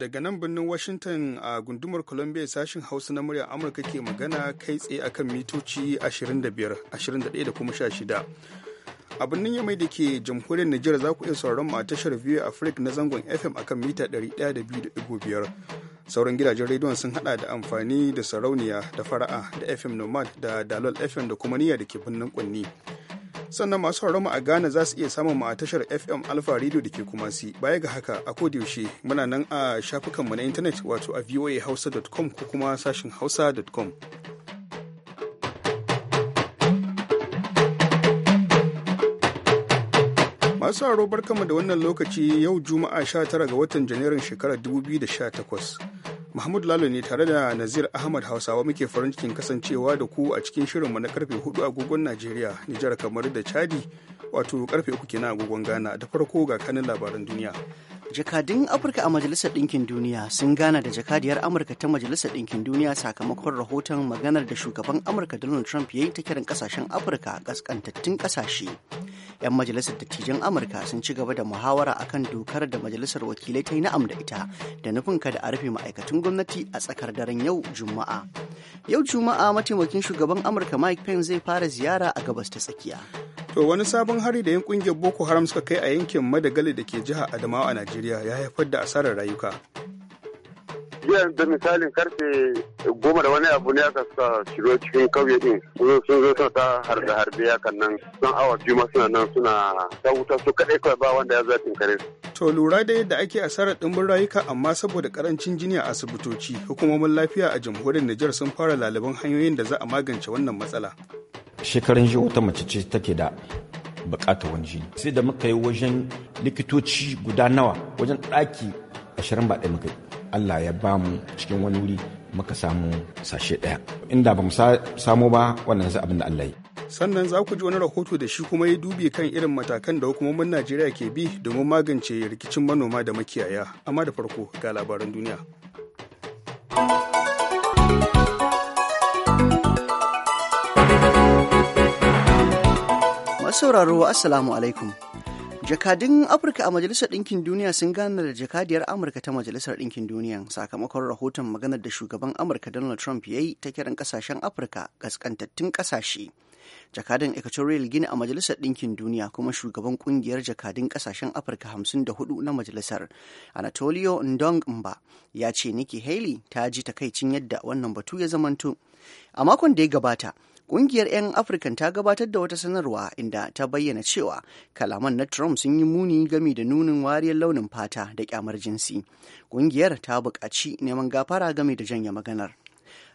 daga nan birnin Washington a gundumar Columbia sashin Hausa na muryar Amurka ke magana kai tsaye akan mitoci 25, 21 da kuma 16. a birnin yamai da ke jamhuriyar Nijar za ku iya sauran mu a tashar VOA Africa na zangon FM akan mita 102.5 sauran gidajen rediyon sun hada da amfani da sarauniya da fara'a da FM Nomad da Dalol FM da kuma niyya da ke birnin Kunni sannan masu sauran mu a Ghana za su iya samun mu a tashar FM Alpha Radio da ke Kumasi baya ga haka a ko yaushe muna nan a shafukanmu na intanet wato a voahausa.com ko kuma sashin hausa.com Masu haro barkanmu da wannan lokaci yau Juma'a 19 ga watan Janairun shekarar 2018. Mahmud Lalo ne tare da Nazir Ahmad Hausawa muke farin cikin kasancewa da ku a cikin shirinmu na karfe 4 agogon Najeriya, Nijar kamar da Chadi, wato karfe 3 kenan agogon Ghana da farko ga kanin labaran duniya. Jakadun Afirka a Majalisar Ɗinkin Duniya sun gana da jakadiyar Amurka ta Majalisar Ɗinkin Duniya sakamakon rahoton maganar da shugaban Amurka Donald Trump ya yi ta kiran kasashen Afirka ƙasƙantattun ƙasashe. 'yan majalisar dattijan amurka sun ci gaba da muhawara akan dokar da majalisar wakilai ta yi na'am da ita da nufin kada a rufe ma'aikatan gwamnati a tsakar daren yau juma'a yau juma'a mataimakin shugaban amurka mike pence zai fara ziyara a gabas ta tsakiya to wani sabon hari da yan kungiyar boko haram suka kai a yankin madagali da ke jihar adamawa a najeriya ya haifar da asarar rayuka jiya da misalin karfe goma da wani abu ne aka suka shigo cikin kauye din sun zo suna ta harbe harbe ya kan nan sun awa biyu ma suna nan suna ta wuta su kaɗai kawai ba wanda ya zafin kare. to lura da yadda ake asarar ɗimbin rayuka amma saboda karancin jini a asibitoci hukumomin lafiya a jamhuriyar Nijar sun fara laliban hanyoyin da za a magance wannan matsala. shekarun jiya wata mace ce take da bukatar wani jini sai da muka yi wajen likitoci guda nawa wajen ɗaki ashirin ba ɗaya muka yi Allah ya ba mu cikin wani wuri muka samu sashe ɗaya inda ba mu samu ba wannan sai abin da Allah yi sannan za ku ji wani rahoto da shi kuma ya dubi kan irin matakan da hukumomin Najeriya ke bi domin magance rikicin manoma da makiyaya amma da farko ga labaran duniya Masauraro, Assalamu alaikum. jakadun afirka a majalisar ɗinkin duniya sun gane da jakadiyar amurka ta majalisar ɗinkin duniya sakamakon rahoton maganar da shugaban amurka donald trump ya yi ta kiran ƙasashen afirka ƙasƙantattun ƙasashe jakadan equatorial gini a majalisar ɗinkin duniya kuma shugaban ƙungiyar jakadun ƙasashen afirka 54 na majalisar anatolio ndong mba ya ce nikki haley ta ji takaicin yadda wannan batu ya zamanto a makon da ya gabata Ƙungiyar 'yan Afirka ta gabatar da wata sanarwa inda ta bayyana cewa kalaman na Trump sun yi muni gami da nunin wariyar launin fata da kyamar jinsi. Ƙungiyar ta buƙaci neman gafara game da janye maganar.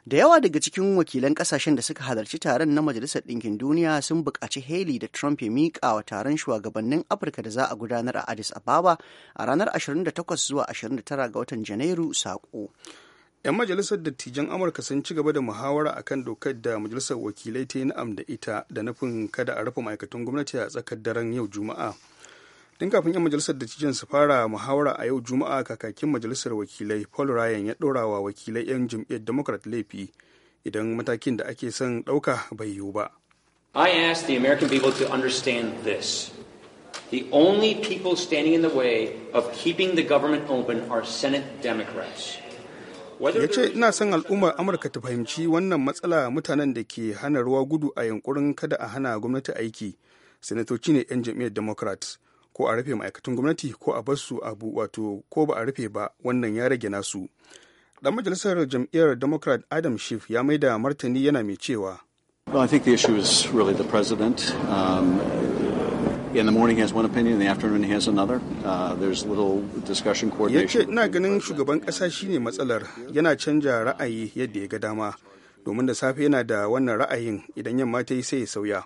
da yawa daga cikin wakilan kasashen da suka halarci taron na majalisar ɗinkin duniya sun buƙaci haley da trump ya miƙa wa taron shugabannin afirka da za a gudanar a addis ababa a ranar 28 zuwa 29 ga watan janairu saƙo 'yan majalisar dattijan amurka sun ci gaba da muhawara a kan dokar da majalisar wakilai ta yi na'am da ita da nufin kada a rufe ma'aikatan gwamnati a tsakar daren yau juma'a tun kafin 'yan majalisar dattijan su fara muhawara a yau juma'a kakakin majalisar wakilai paul ryan ya ɗora wa wakilai 'yan jam'iyyar democrat laifi idan matakin da ake son ɗauka bai yiwu ba i ask the american people to understand this The only people standing in the way of keeping the government open are Senate Democrats. ya ce ina son al'ummar amurka ta fahimci wannan matsala mutanen da ke hana ruwa gudu a yankurin kada a hana gwamnati aiki sanatoci ne 'yan jam'iyyar democrat ko a rufe ma'aikatan gwamnati ko a bar su abu wato ko ba a rufe ba wannan ya rage nasu dan majalisar jam'iyyar democrat adam schiff ya maida martani yana mai cewa Well, I think the in the morning has one opinion, in the afternoon has another. Uh, there's little discussion coordination. Yace ina ganin shugaban ƙasa shine matsalar yana canja ra'ayi yadda ya ga dama domin da safe yana da wannan ra'ayin idan yamma ta yi sai ya sauya.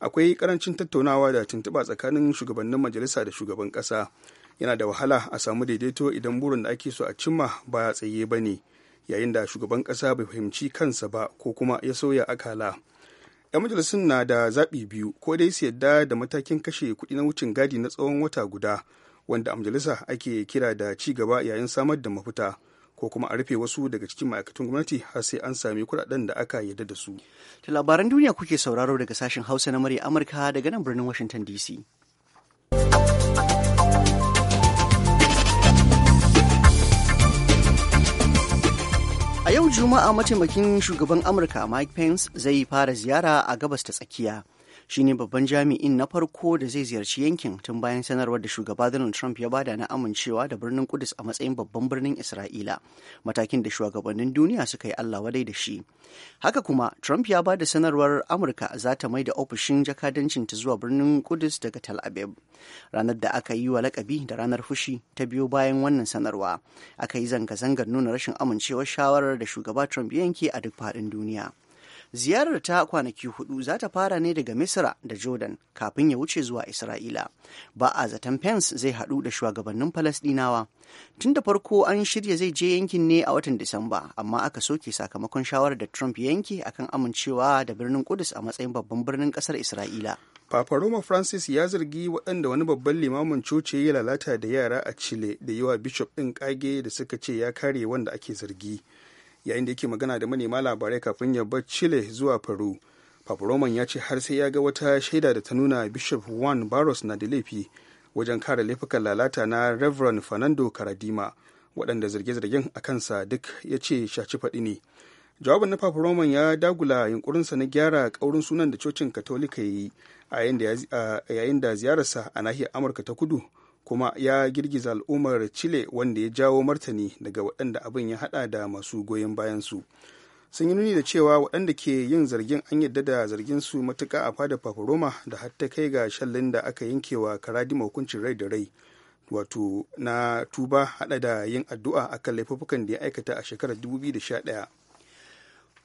Akwai karancin tattaunawa da tuntuɓa tsakanin shugabannin majalisa da shugaban ƙasa. Yana da wahala a samu daidaito idan burin da ake so a cimma ba ya tsaye ba ne yayin da shugaban ƙasa bai fahimci kansa ba ko kuma ya sauya akala. 'yan majalisun na da zaɓi biyu ko dai su yadda da matakin kashe kuɗi na wucin gadi na tsawon wata guda wanda a majalisa ake kira da ci gaba yayin samar da mafita ko kuma a rufe wasu daga cikin ma'aikatan gwamnati har sai an sami kuɗaɗen da aka yarda da su. Ta labaran duniya kuke sauraro daga sashen Hausa na murya Amurka daga nan birnin Washington DC. yau Juma'a mataimakin shugaban Amurka Mike Pence zai fara ziyara a gabas ta tsakiya shine babban jami'in na farko da zai ziyarci yankin tun bayan sanarwar da shugaba Donald Trump ya bada na amincewa da birnin Kudus a matsayin babban birnin Isra'ila, matakin da shugabannin duniya suka yi Allah wadai da shi. Haka kuma Trump ya bada sanarwar Amurka za ta mai da ofishin jakadancin ta zuwa birnin Kudus daga Tel Aviv. Ranar da aka yi wa lakabi da ranar fushi ta biyo bayan wannan sanarwa. Aka yi zanga-zangar nuna rashin amincewar shawarar da shugaba Trump yanke a duk faɗin duniya. ziyarar ta kwanaki hudu za ta fara ne daga misra da jordan kafin ya wuce zuwa isra'ila ba a zaton pence zai hadu da shugabannin falasdinawa tun da farko an shirya zai je yankin ne a watan disamba amma aka soke sakamakon shawarar da trump yanke akan amincewa da birnin kudus a matsayin babban birnin kasar isra'ila Papa Roma Francis ya zargi waɗanda wani babban limamin coci ya lalata da yara a Chile da yawa bishop ɗin ƙage da suka ce ya kare wanda ake zargi. yayin da yake magana da manema labarai kafin ya bar chile zuwa peru paparoman ya ce har sai ya ga wata shaida da ta nuna bishop juan barros na da laifi wajen kare laifukan lalata na reverend fernando karadima waɗanda zirge-zirgen a kansa duk ya ce shaci faɗi ne jawabin na papa roman ya dagula yunkurinsa na gyara ƙaurin sunan da cocin katolika ya yi a yayin da ziyararsa a nahiyar amurka ta kudu kuma ya girgiza al'ummar chile wanda ya jawo martani daga waɗanda abin ya hada da masu goyon bayan su sun yi nuni da cewa waɗanda ke yin zargin an yadda da zargin su matuka a fada paparoma da har ta kai ga shallin da aka yankewa karadima hukuncin rai da rai wato na tuba hada da yin addu'a akan laifuffukan da ya aikata a shekarar 2011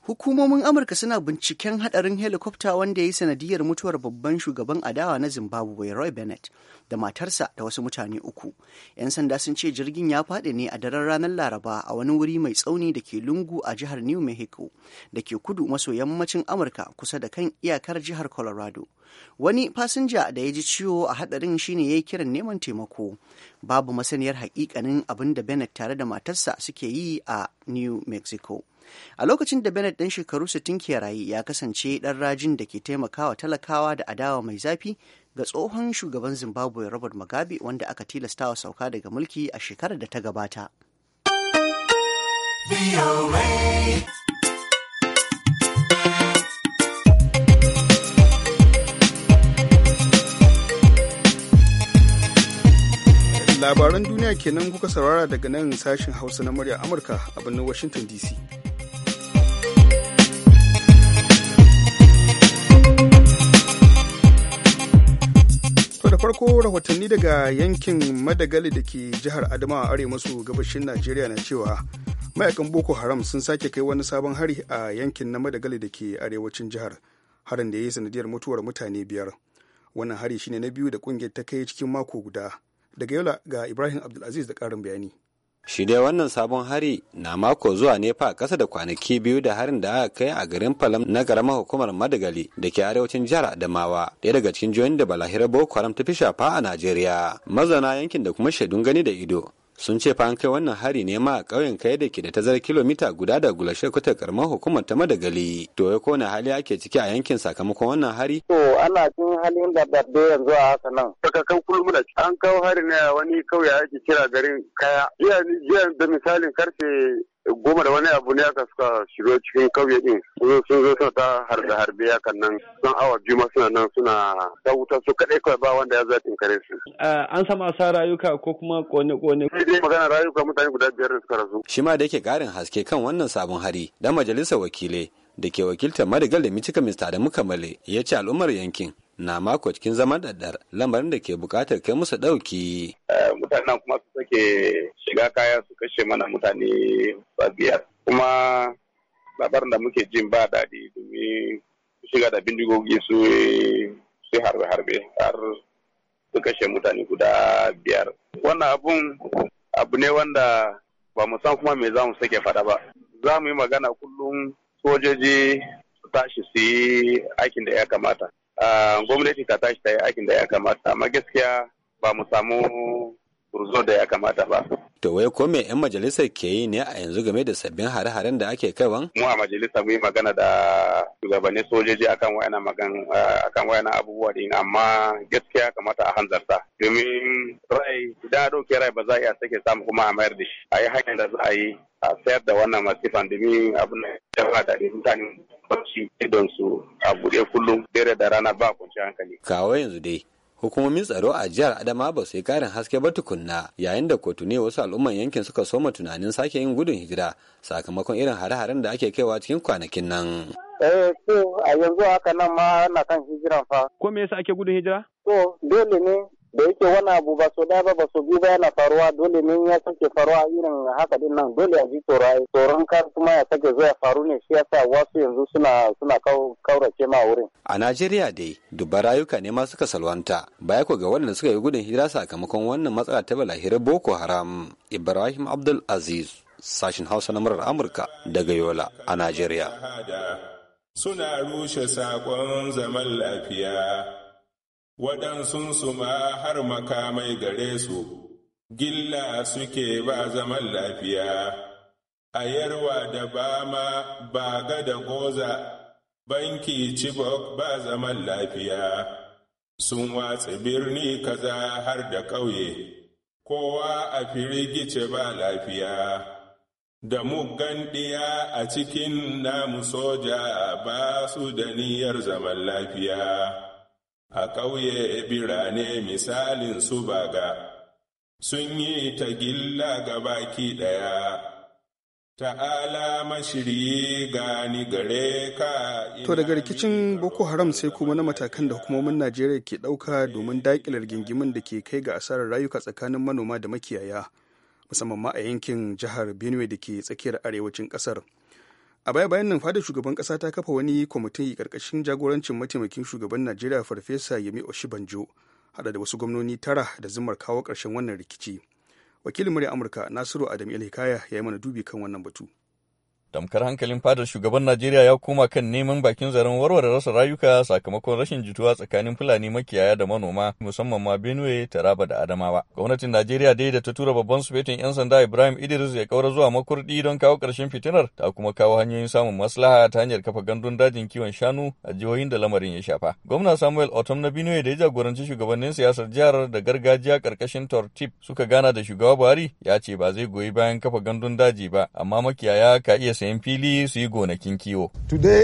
Hukumomin Amurka suna binciken hadarin helikwafta wanda ya yi sanadiyar mutuwar babban shugaban adawa na Zimbabwe Roy Bennett da matarsa da wasu mutane uku. 'Yan sanda sun ce jirgin ya fadi ne a daren ranar Laraba a wani wuri mai tsauni da ke lungu a jihar New Mexico da ke kudu maso yammacin Amurka kusa da kan iyakar jihar Colorado. Wani fasinja da ya ji ciwo a hadarin shine ya yi kiran neman taimako. Babu masaniyar hakikanin abin da Bennett tare da matarsa suke yi a New Mexico. a lokacin da bennett ɗan shekaru 60 ke rayu ya kasance ɗan rajin da ke taimakawa talakawa da adawa mai zafi ga tsohon shugaban zimbabwe robert mugabe wanda aka tilastawa sauka daga mulki a shekarar da ta gabata labaran duniya kenan kuka saurara daga nan sashen hausa na murya amurka a birnin washington dc farko rahotanni daga yankin madagali da ke jihar adamawa arewa maso gabashin najeriya na cewa mayakan boko haram sun sake kai wani sabon hari a yankin na madagali da ke arewacin jihar harin da ya yi sanadiyar mutuwar mutane biyar wannan hari shine na biyu da kungiyar ta kai cikin mako guda daga yau ga ibrahim abdulaziz da karin bayani shi dai wannan sabon hari na mako zuwa nefa a kasa da kwanaki biyu da harin da aka kai a garin falam na karamar hukumar madagali da ke arewacin jihar adamawa ɗaya daga cikin jihohin da balahira boko haram ta fi shafa a najeriya mazauna yankin da kuma shaidun gani da ido sun ce fa an kai wannan hari ne ma a ƙauyen kai da ke da tazar kilomita guda da gulashe kuta karamar hukumar ta madagali to ya kone hali ake ciki a yankin sakamakon wannan hari to ana cikin halin da babbe yanzu a haka nan daga kan kulmula an kawo hari ne a wani kauye ake kira garin kaya jiya da misalin karfe goma da wani abu ne aka suka shigo cikin kauye din sun zo suna ta harbe harbe hakan nan sun awa juma suna nan suna ta wuta su kadai kawai ba wanda ya zo tinkare su. an sama sa rayuka ko kuma kone kone. sai dai magana rayuka mutane guda biyar da suka rasu. shi ma da yake garin haske kan wannan sabon hari dan majalisar wakilai da ke wakiltar madigal da mitika mista da male ya ce al'ummar yankin na mako cikin zaman daddar lamarin da ke buƙatar kai musu ɗauki. Eh, mutanen kuma su sake shiga kaya su kashe mana mutane biyar. Kuma labarin da muke jin ba daɗi domin shiga da bindigogi su harbe-harbe har su kashe mutane guda biyar. Wannan abun abu ne wanda ba mu san kuma me za mu sake faɗa ba. Za mu yi magana kullum sojoji su tashi su yi aikin da ya kamata. Ah, gwamnati ta tashi ta yi aikin da ya kamata amma gaskiya ba mu samu burzo da ya kamata ba. To wai ko me 'yan majalisar ke yi ne a yanzu game da sabbin hare-haren da ake kaiwa Mu a majalisa mu yi magana da shugabannin sojoji akan wayana magan ah, akan abubuwa din amma gaskiya kamata a hanzarta. Domin rai da doke rai ba za a iya sake samu kuma a mayar da shi. A yi hanyar da za a yi a sayar da wannan masifan domin abin da ya da mutane bacci idon su a buɗe kullum dare da rana ba kwanciyar hankali. Kawo yanzu dai hukumomin tsaro a jihar adama ba su yi karin haske ba tukunna yayin da kotu wasu al'umman yankin suka soma tunanin sake yin gudun hijira sakamakon irin hare-haren da ake kaiwa cikin kwanakin nan eh to a yanzu haka nan ma ana kan hijiran fa ko me yasa ake gudun hijira to dole ne da yake wani abu ba so daya ba ba so biyu ba yana faruwa dole ne ya sake faruwa irin haka din nan dole a ji tsoron tsoron kar kuma ya sake zuwa faru ne shi yasa wasu yanzu suna suna kaurace ma wurin a Najeriya dai dubban rayuka ne ma suka salwanta baya ko ga waɗanda suka yi gudun hira sakamakon wannan matsala ta balahirar Boko Haram Ibrahim Abdul Aziz sashin Hausa na murar Amurka daga Yola a Najeriya suna rushe sakon zaman lafiya waɗansunsu ma har makamai gare su, gilla suke ba zaman lafiya, a yarwa da ma ba ga da goza, banki cibok ba zaman lafiya, sun watsa birni kaza har da ƙauye, kowa a firigice ba lafiya. Da muggan ɗiya a cikin namu soja ba su da niyyar zaman lafiya. a ƙauye birane misalin su baga, sun yi ta gilla ga baki ɗaya, ta'ala mashiri gani gare ka. To daga rikicin Boko Haram sai kuma na matakan da hukumomin Najeriya ke ɗauka domin daƙilar gingimin da ke kai ga asarar rayuka tsakanin manoma da makiyaya, musamman ma a yankin jihar Benue da ke tsakiyar arewacin ƙasar. a baya bayan nan fadar shugaban kasa ta kafa wani kwamitin karkashin jagorancin mataimakin shugaban najeriya farfesa yemi oshibanjo hada da wasu gwamnoni tara da zumar kawo ƙarshen wannan rikici wakilin murya amurka nasiru adam hikaya ya yi mana dubi kan wannan batu damkar hankalin fadar shugaban Najeriya ya koma kan neman bakin zaren warware rasa rayuka sakamakon rashin jituwa tsakanin Fulani makiyaya da manoma musamman ma Benue, Taraba da Adamawa. Gwamnatin Najeriya dai da ta tura babban sufetin 'yan sanda Ibrahim Idris ya kaura zuwa makurdi don kawo karshen fitinar ta kuma kawo hanyoyin samun maslaha ta hanyar kafa gandun dajin kiwon shanu a jihohin da lamarin ya shafa. Gwamna Samuel Otom na Benue da ya jagoranci shugabannin siyasar jihar da gargajiya karkashin Tortip suka gana da shugaba Buhari ya ce ba zai goyi bayan kafa gandun daji ba amma makiyaya ka iya Today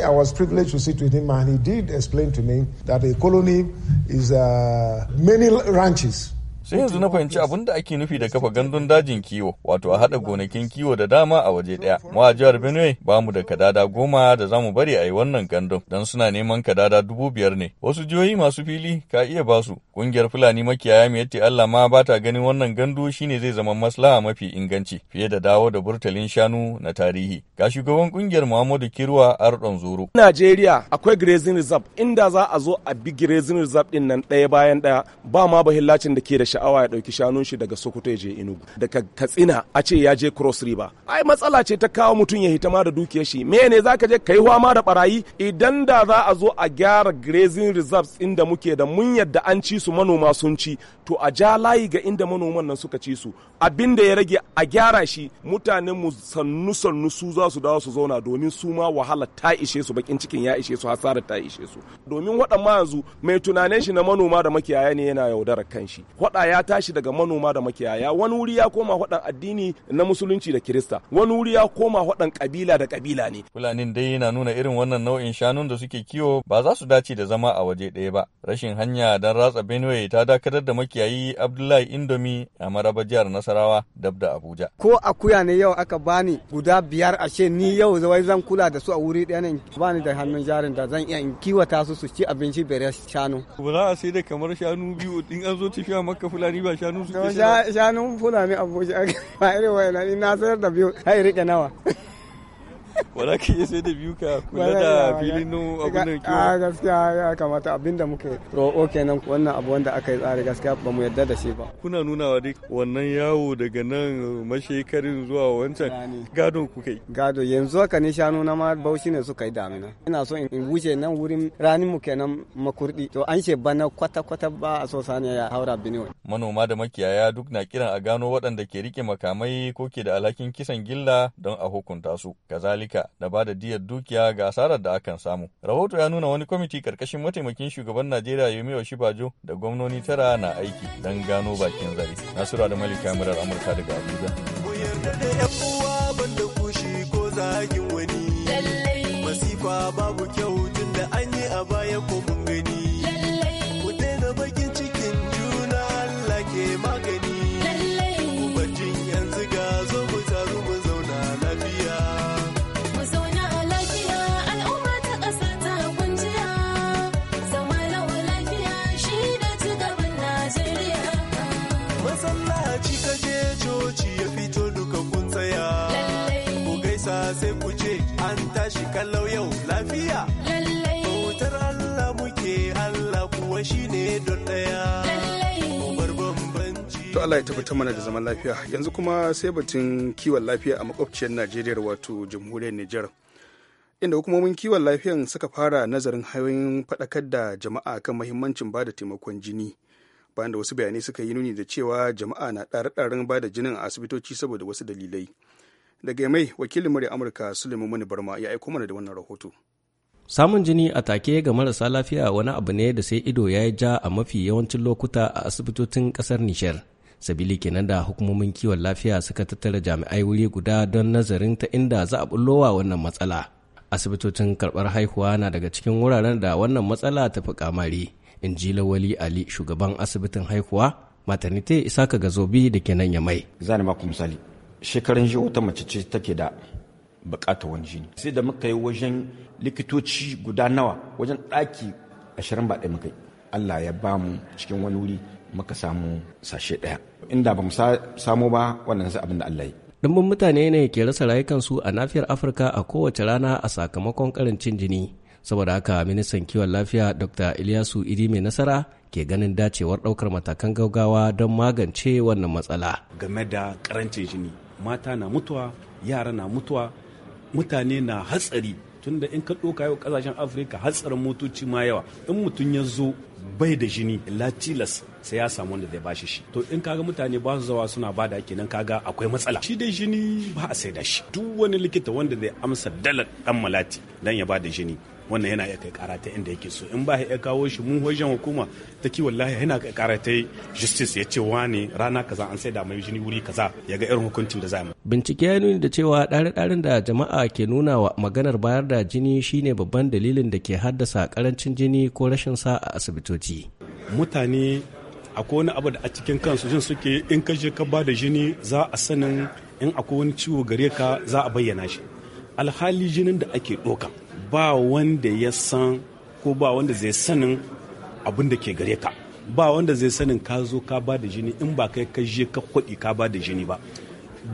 I was privileged to sit with him and he did explain to me that a colony is uh, many ranches. sai yanzu na fahimci abin da ake nufi da kafa gandun dajin kiwo wato a haɗa gonakin kiwo da dama a waje ɗaya mu a jihar benue ba mu da kadada goma da zamu bari a yi wannan gandun don suna neman kadada dubu biyar ne wasu jihohi masu fili ka iya ba su ƙungiyar fulani makiyaya mai yatti allah ma ba ta ganin wannan gandu shine zai zama maslaha mafi inganci fiye da dawo da burtalin shanu na tarihi ga shugaban ƙungiyar muhammadu kirwa arɗon zoro. najeriya akwai grazing reserve inda za a zo a bi grazing reserve ɗin nan ɗaya bayan ɗaya ba ma bahillacin da ke da sha awa ya ɗauki shanun shi daga Sokoto ya je Enugu daga Katsina a ce ya je Cross River ai matsala ce ta kawo mutum ya hitama da dukiyar shi me ne zaka je kai hwama da barayi idan da za a zo a gyara grazing reserves inda muke da mun yadda an ci su manoma sun ci to a ja layi ga inda manoman nan suka ci su abin da ya rage a gyara shi mutanen mu sannu sannu su za su dawo su zauna domin su ma wahala ta ishe su bakin cikin ya ishe su hasara ta ishe su domin waɗannan yanzu mai tunanin shi na manoma da makiyaya ne yana yaudarar kanshi waɗa ya tashi daga manoma da makiyaya wani wuri ya koma hudan addini na musulunci da kirista wani wuri ya koma hudan kabila da kabila ne fulanin dai yana nuna irin wannan nau'in shanun da suke kiwo ba za su dace da zama a waje ɗaya ba rashin hanya don ratsa benue ta dakatar da makiyayi abdullahi indomi a maraba jihar nasarawa dab da abuja ko akuya ne yau aka bani guda biyar ashe ni yau zawai zan kula da su a wuri ɗaya ne bani da hannun jarin da zan iya in kiwata su su ci abinci bare shanu ba za a sai da kamar shanu biyu in an zo tafiya maka fulani ba shanu suke shanu fulani abuja ba irin wayanani na sayar da biyu hai rike nawa wala ka iya sai da biyu ka kula da filin nu abin da kiwo a gaskiya ya kamata abin da muke roƙo kenan wannan abu wanda aka yi tsari gaskiya ba mu yarda da shi ba kuna wa dai wannan yawo daga nan mashekarin zuwa wancan gado ku kai. gado yanzu haka ne shanu na ma bauchi ne suka yi damina ina so in wuce nan wurin ranin mu kenan makurdi to an she bana kwata kwata ba a so sani ya haura biniwa manoma da makiyaya duk na kiran a gano waɗanda ke rike makamai ko ke da alhakin kisan gilla don a hukunta su kazali Amurka da ba da diyar dukiya ga asarar da akan samu. Rahoto ya nuna wani kwamiti karkashin mataimakin shugaban Najeriya Yemi bajo da gwamnoni tara na aiki don gano bakin zare. nasiru da Malika Murar Amurka daga Abuja. Masifa babu kyau tun da an yi a baya ko kalau yau lafiya. Lallai. Bautar Allah muke Allah kuwa shi ne don ɗaya. To Allah ya tabbatar mana da zaman lafiya yanzu kuma sai batun kiwon lafiya a makwabciyar Najeriya wato jamhuriyar Nijar. Inda hukumomin kiwon lafiyan suka fara nazarin hanyoyin faɗakar da jama'a kan mahimmancin bada taimakon jini. bayan da wasu bayanai suka yi nuni da cewa jama'a na ɗare bada bada jinin a asibitoci saboda wasu dalilai daga mai wakilin murya amurka suleiman mani barma ya aiko mana da wannan rahoto samun jini a take ga marasa lafiya wani abu ne da sai ido ya yi ja a mafi yawancin lokuta a asibitocin kasar nishar sabili kenan da hukumomin kiwon lafiya suka tattara jami'ai wuri guda don nazarin ta inda za a bullowa wannan matsala asibitocin karbar haihuwa na daga cikin wuraren da wannan matsala ta fi kamari in ji lawali ali shugaban asibitin haihuwa maternity isaka gazobi da kenan ya mai zan ku misali shekarun shi wata mace ce take da bukatar wani jini sai da muka yi wajen likitoci guda nawa wajen ɗaki ashirin ba ɗaya muka yi allah ya ba mu cikin wani wuri muka samu sashe ɗaya inda ba mu samo ba wannan sai abin da allah yi dumbin mutane ne ke rasa rayukansu a nafiyar afirka a kowace rana a sakamakon karancin jini saboda haka ministan kiwon lafiya dr ilyasu idi mai nasara ke ganin dacewar ɗaukar matakan gaugawa don magance wannan matsala game da karancin jini mata na mutuwa yara na mutuwa mutane na hatsari tunda in ka ɗoka yau ƙasashen afirka hatsarin motoci ma yawa in mutum ya zo bai da jini latilas sai ya samu wanda zai bashi shi to in kaga mutane ba su zawa suna bada kenan kaga akwai matsala shi dai jini ba a sai da shi duk wani likita wanda zai amsa dalar dan malati dan ya ba da jini wannan yana iya kai kara ta inda yake so in ba ya kawo shi mun wajen hukuma ta ki wallahi yana kai kara ta justice ya ce wani rana kaza an sai da mai jini wuri kaza ya ga irin hukuncin da za mu bincike ya nuna da cewa ɗare-ɗaren da jama'a ke nuna wa maganar bayar da jini shine babban dalilin da ke haddasa karancin jini ko rashin sa a asibitoci mutane akwai wani abu da a cikin kansu jin suke in ka je ka ba da jini za a sanin in akwai wani ciwo gare ka za a bayyana shi alhali jinin da ake ɗoka ba wanda ya san ko ba wanda zai sanin abin da ke gare ka ba wanda zai sanin ka zo ka ba da jini in ba kai ka je ka kwaɗi ka ba da jini ba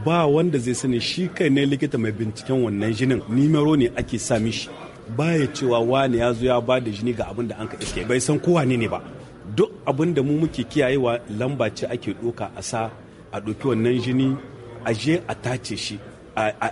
ba wanda zai sani shi kai ne likita mai binciken wannan jinin nimero ne ake sa mishi baya cewa wani ya zo ya ba da jini ga abin da an ka iske bai san kowa ne ba duk abin da mu muke kiyayewa lamba ce ake doka a sa a ɗauki wannan jini a je a tace shi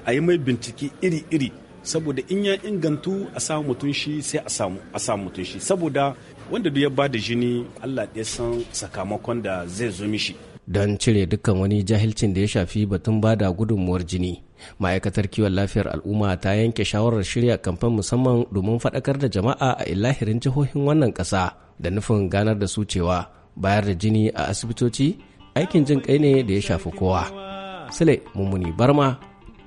a yi mai bincike iri-iri saboda in ya ingantu a samu mutum shi sai a samu a mutum shi saboda wanda duk ya ba da jini Allah ya san sakamakon da zai zo mishi don cire dukkan wani jahilcin da ya shafi batun ba da gudunmuwar jini ma'aikatar kiwon lafiyar al'umma ta yanke shawarar shirya kamfan musamman domin faɗakar da jama'a a ilahirin jihohin wannan ƙasa da nufin ganar da su cewa bayar da jini a asibitoci aikin jin kai ne da ya shafi kowa sile mummuni barma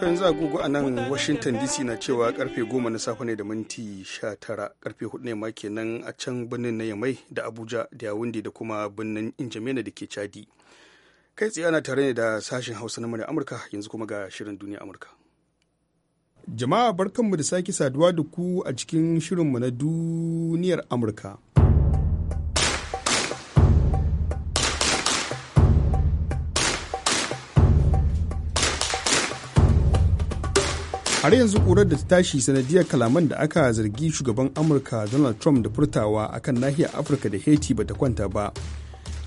to yanzu agogo a nan washington dc na cewa karfe goma na safe ne da minti 19 karfe 4 ne ma kenan a can birnin na yamai da abuja da yawundi da kuma birnin injamena da ke chadi kai tsaye ana tare ne da sashen hausa na murya amurka yanzu kuma ga shirin duniya amurka jama'a barkanmu da sake saduwa da ku a cikin shirin mu na duniyar amurka har yanzu ƙurar da ta tashi sanadiyar kalaman da aka zargi shugaban amurka donald trump da furtawa akan nahiyar afirka da haiti ba ta kwanta ba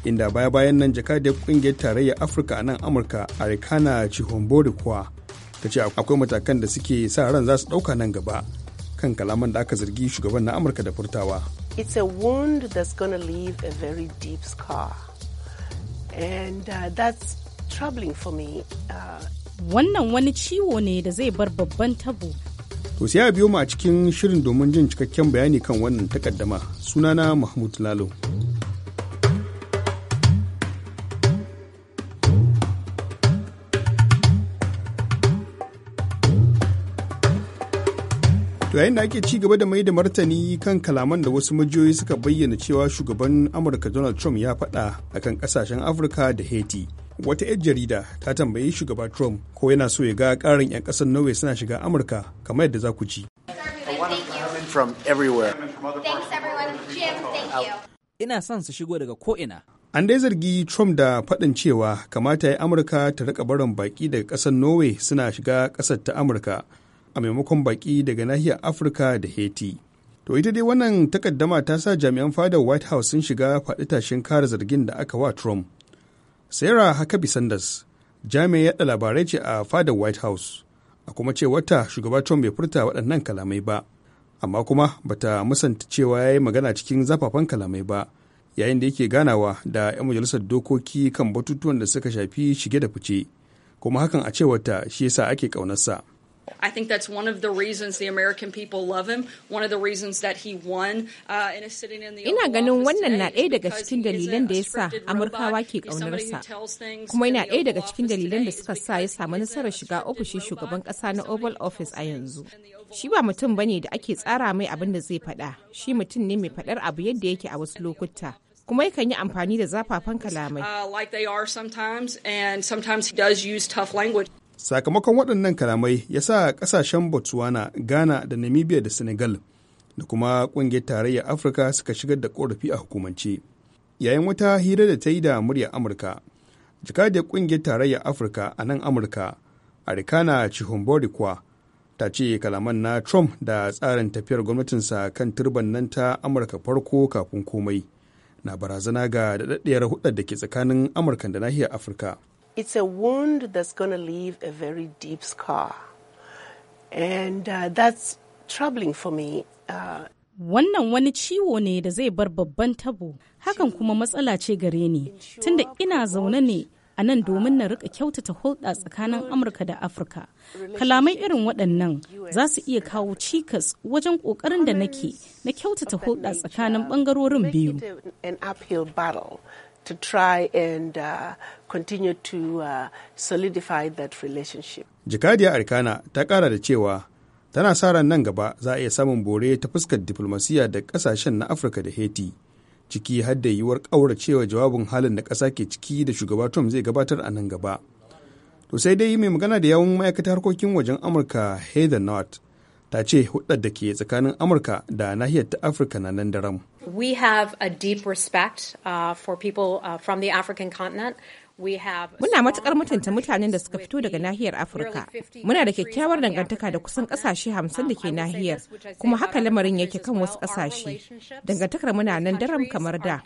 inda baya bayan nan jakadiyar kungiyar tarayyar afirka a nan amurka arikana chihombori kuwa ta ce akwai matakan da suke sa ran za su ɗauka nan gaba kan kalaman da aka zargi shugaban na amurka da furtawa it's a wound that's gonna leave a very deep scar and uh, that's uh, wannan wani ciwo ne da zai bar babban tabo to sai a biyo mu a cikin shirin domin jin cikakken bayani kan wannan takaddama sunana mahmud lalo To yayin da ake ci gaba da mai da martani kan kalaman da wasu majiyoyi suka bayyana cewa shugaban Amurka Donald Trump ya faɗa akan ƙasashen Afirka da Haiti. wata 'yar jarida ta tambayi shugaba trump ko yana so ya ga karin 'yan kasar norway suna shiga amurka kamar yadda za ku ji ina son su shigo daga ko'ina an dai zargi trump da faɗin cewa kamata ya amurka ta rika barin baƙi daga ƙasar norway suna shiga ƙasar ta amurka a maimakon baƙi daga nahiyar afirka da haiti to ita dai wannan takaddama ta sa jami'an fadar white house sun shiga faɗi tashin kare zargin da aka wa trump sarah hakabi sanders jami'ai yada labarai ce a fadar white house a kuma ce wata shugaba trump bai furta waɗannan kalamai ba amma kuma bata musanta cewa ya yi magana cikin zafafan kalamai ba yayin da yake ganawa da 'yan majalisar dokoki kan batutuwan da suka shafi shige da fice kuma hakan a cewarta shi yasa ake ƙaunarsa. I think that's one of the reasons the American people love him, one of the reasons that he won uh, and is sitting in the Ina ganin wannan na ɗaya daga cikin dalilan da ya sa Amurkawa ke ƙaunarsa, kuma yana ɗaya daga cikin dalilan da suka sa ya samu nasarar shiga ofishin shugaban ƙasa na Oval Office a yanzu. Shi ba mutum bane da ake tsara mai abin da zai faɗa, shi mutum ne mai faɗar abu yadda yake a wasu lokuta. kuma yakan yi amfani da zafafan kalamai. Uh, sakamakon waɗannan kalamai ya sa ƙasashen botswana ghana da namibia da senegal da kuma ƙungiyar tarayyar afirka suka shigar da ƙorafi a hukumance yayin wata hira da ta yi da muryar amurka jakadiyar ƙungiyar tarayya afirka a nan amurka arikana kuwa ta ce kalaman na trump da tsarin tafiyar gwamnatinsa kan turban nan ta amurka farko kafin komai na barazana ga daɗaɗɗiyar hudar da ke tsakanin amurka da nahiyar afirka it's a wound that's going to leave a very deep scar. And uh, that's troubling for me. Uh. Wannan wani ciwo ne da zai bar babban tabo, hakan kuma matsala ce gare ni, tunda ina zaune ne a nan domin na rika kyautata hulɗa tsakanin Amurka da Afirka. Kalamai irin waɗannan za su iya kawo cikas wajen ƙoƙarin da nake na kyautata hulɗa tsakanin ɓangarorin biyu. to try and uh, continue to uh, solidify that relationship. Jikadiya Arkana ta kara da cewa tana sa ran nan gaba za a iya samun bore ta fuskar diflomasiyya da kasashen na Afirka da Haiti ciki har da yiwuwar ƙauracewa jawabin halin da ƙasa ke ciki da shugaba Trump zai gabatar a nan gaba. To sai dai mai magana da yawun ma'aikatar harkokin wajen Amurka Heather North ta ce hudar da ke tsakanin amurka da nahiyar ta afirka na nan daram we have a deep respect uh, for people uh, from the african continent Muna matukar mutunta mutanen da suka fito daga nahiyar Afirka. Muna da kyakkyawar dangantaka da kusan kasashe hamsin da ke um, nahiyar, kuma haka lamarin yake kan wasu kasashe. Dangantakar muna nan daram kamar da.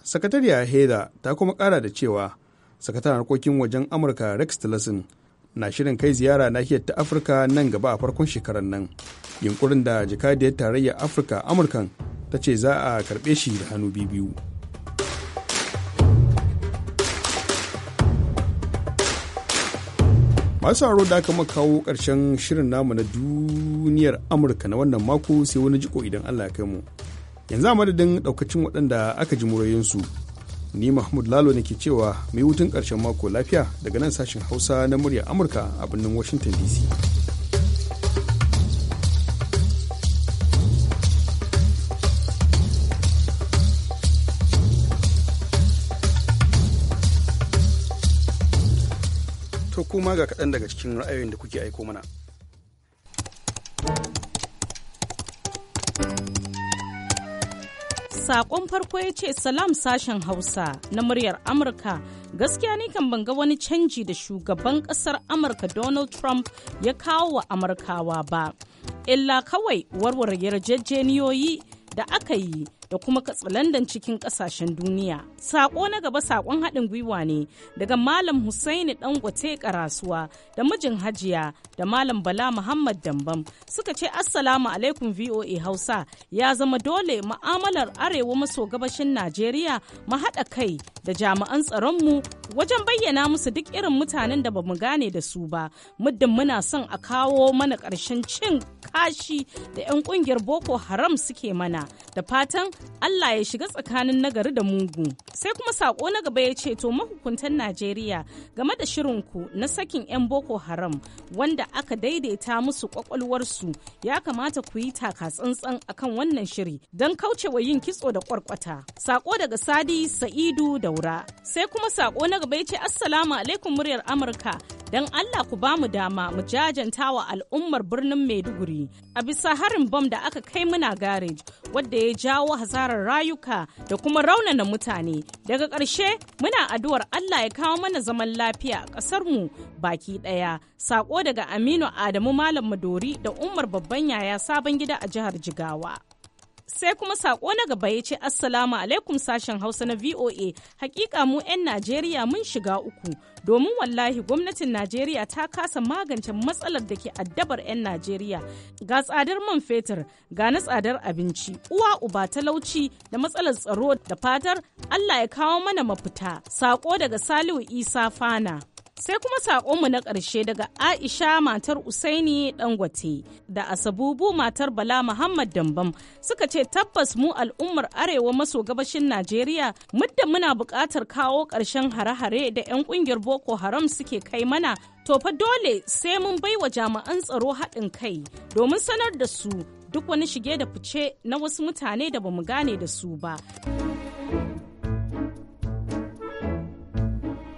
Sakatariya Heather ta kuma kara da cewa, sakataren harkokin wajen Amurka Rex Tillerson na shirin kai ziyara nahiyar ta afirka nan gaba a farkon shekarar nan yunkurin da jakadiyar tarayya afirka amurkan ta ce za a karbe shi da hannu biyu masu sauraro da aka kawo ƙarshen shirin namu na duniyar amurka na wannan mako sai wani jiko idan allah ya kai mu yanzu a madadin ɗaukacin waɗanda aka ji murayensu ni mahmud lalo ne ke cewa mai hutun ƙarshen mako lafiya daga nan sashen hausa na murya amurka a birnin washington dc to kuma ga kaɗan daga cikin ra'ayoyin da kuke aiko mana Sakon farko ya ce salam sashen Hausa na muryar Amurka gaskiya ni kan banga wani canji da shugaban kasar Amurka Donald Trump ya kawo wa Amurkawa ba. Illa kawai warware yarjejeniyoyi da aka yi da kuma katsalandan cikin kasashen duniya. Sako na gaba sakon haɗin gwiwa ne daga Malam Hussaini Dangote Karasuwa da mijin Hajiya da Malam Bala Muhammad Dambam suka ce Assalamu alaikum VOA Hausa ya zama dole ma'amalar arewa maso gabashin Najeriya mu haɗa kai da jami'an tsaronmu wajen bayyana musu duk irin mutanen da bamu gane da su ba muddin muna son a kawo mana ƙarshen cin kashi da 'yan ƙungiyar Boko Haram suke mana da fatan Allah ya shiga tsakanin nagari da mugu. Sai kuma saƙo na gaba ya ce to mahukuntan Najeriya game da shirinku na sakin 'yan Boko Haram wanda aka daidaita musu kwakwalwarsu ya kamata ku yi taka tsantsan akan wannan shiri don kaucewa yin kitso da kwarkwata. Saƙo daga Sadi Sa'idu Daura. Sai kuma saƙo na gaba ya ce Assalamu alaikum muryar Amurka don Allah ku ba mu dama mu jajanta wa al'ummar birnin Maiduguri a bisa harin bom da aka kai muna garej wadda ya jawo hasarar rayuka da kuma raunana mutane. Daga ƙarshe muna addu'ar Allah ya kawo mana zaman lafiya a ƙasarmu baki ɗaya. Sako daga Aminu Adamu Malam Madori da Umar Babban Yaya Sabon Gida a jihar Jigawa. sai kuma sako na gaba ya ce assalamu alaikum sashen hausa na voa hakika mu 'yan najeriya mun shiga uku domin wallahi gwamnatin najeriya ta kasa magance matsalar da ke addabar 'yan najeriya ga tsadar man fetur ga na tsadar abinci uwa uba talauci da matsalar tsaro da fatar allah ya kawo mana mafita sako daga salihu isa fana Sai kuma saƙonmu na ƙarshe daga Aisha matar Usaini Dangote da Asabubu matar Bala Muhammad Dambam suka ce tabbas mu al'ummar Arewa maso gabashin Najeriya muddin muna buƙatar kawo ƙarshen hare-hare da 'yan ƙungiyar Boko Haram suke kai mana to fa dole sai mun baiwa jami'an tsaro haɗin kai domin sanar da su duk wani shige da fice na wasu mutane da bamu gane da su ba.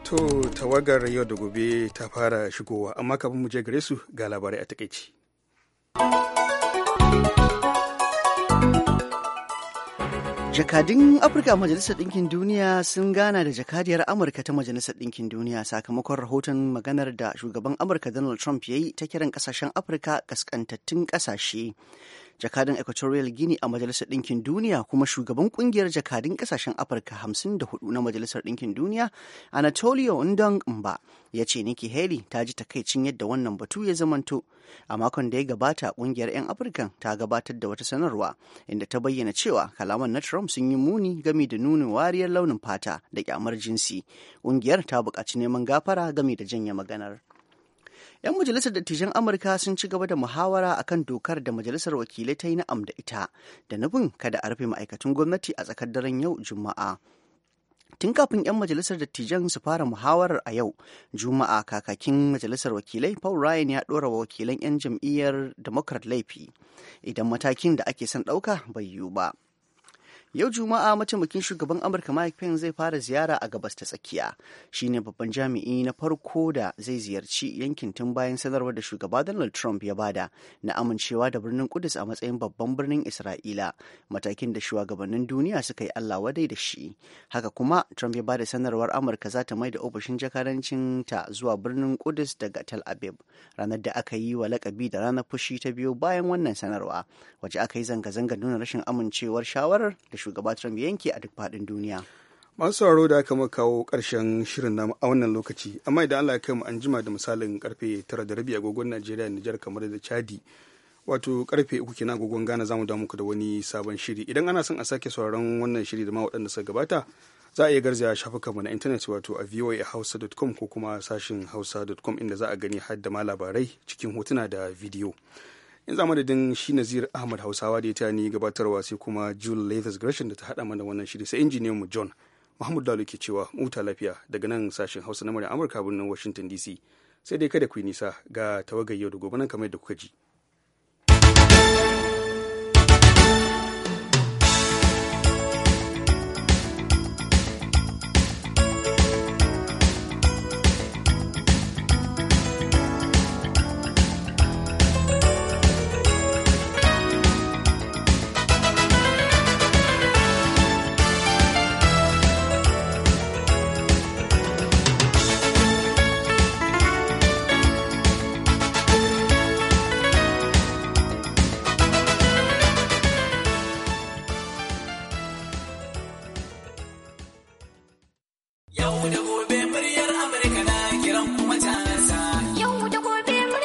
To tawagar yau da gobe ta fara shigowa amma kafin mu je gare su ga labarai a takaici. jakadin afirka majalisar ɗinkin duniya sun gana da jakadiyar amurka ta majalisar ɗinkin duniya sakamakon rahoton maganar da shugaban amurka donald trump ya yi ta kiran ƙasashen afirka ƙasƙantattun ƙasashe jakadan equatorial guinea a majalisar ɗinkin duniya kuma shugaban kungiyar jakadun ƙasashen afirka 54 na majalisar Dinkin duniya anatolio ndong mba ya ce nikki haley ta ji takaicin yadda wannan batu ya zamanto a makon da ya gabata kungiyar 'yan afirkan ta gabatar da wata sanarwa inda ta bayyana cewa kalaman na trump sun yi muni game da nunin wariyar launin fata da kyamar jinsi kungiyar ta buƙaci neman gafara game da janye maganar 'Yan majalisar dattijan Amurka sun ci gaba da muhawara akan dokar da majalisar wakilai ta yi na'am da ita, da nufin kada a rufe ma'aikatan gwamnati a tsakar daren yau Juma'a. tun kafin 'yan majalisar dattijan su fara muhawarar a yau juma'a kakakin majalisar wakilai paul ryan ya ɗora wa wakilan 'yan jam'iyyar democrat laifi idan matakin da ake son ɗauka bai yiwu ba Yau Juma'a mataimakin shugaban Amurka Mike Pence zai fara ziyara a gabas ta tsakiya. Shi ne babban jami'i na farko da zai ziyarci yankin tun bayan sanarwar da shugaba Donald Trump ya bada na amincewa da birnin Kudus a matsayin babban birnin Isra'ila, matakin da shugabannin duniya suka yi Allah wadai da shi. Haka kuma Trump ya bada sanarwar Amurka za ta mai da ofishin jakarancin ta zuwa birnin Kudus daga Tel Aviv, ranar da aka yi wa lakabi da ranar fushi ta biyu bayan wannan sanarwa, waje aka yi zanga-zanga nuna rashin amincewar shawarar da shugaba Trump yanke a duk faɗin duniya. Masu sauraro da aka kawo ƙarshen shirin na a wannan lokaci, amma idan Allah ya kai mu an jima da misalin karfe tara da rabi agogon Najeriya niger kamar da Chadi. Wato karfe uku kenan agogon Ghana zamu damu muku da wani sabon shiri. Idan ana son a sake sauraron wannan shiri da ma waɗanda suka gabata, za a iya garzaya shafukanmu na intanet wato a voahausa.com ko kuma sashin hausa.com inda za a gani har da labarai cikin hotuna da bidiyo. yanzu a madadin shi nazir ahmad hausawa da ya tani gabatarwa sai kuma jule lathers gresham da ta haɗa mana wannan shiri sai injiniyan mu john mahmud lalu ke cewa muta lafiya daga nan sashen hausa na murya amurka birnin washington dc sai dai kada ku yi nisa ga tawagar yau da gobe nan kamar da kuka ji.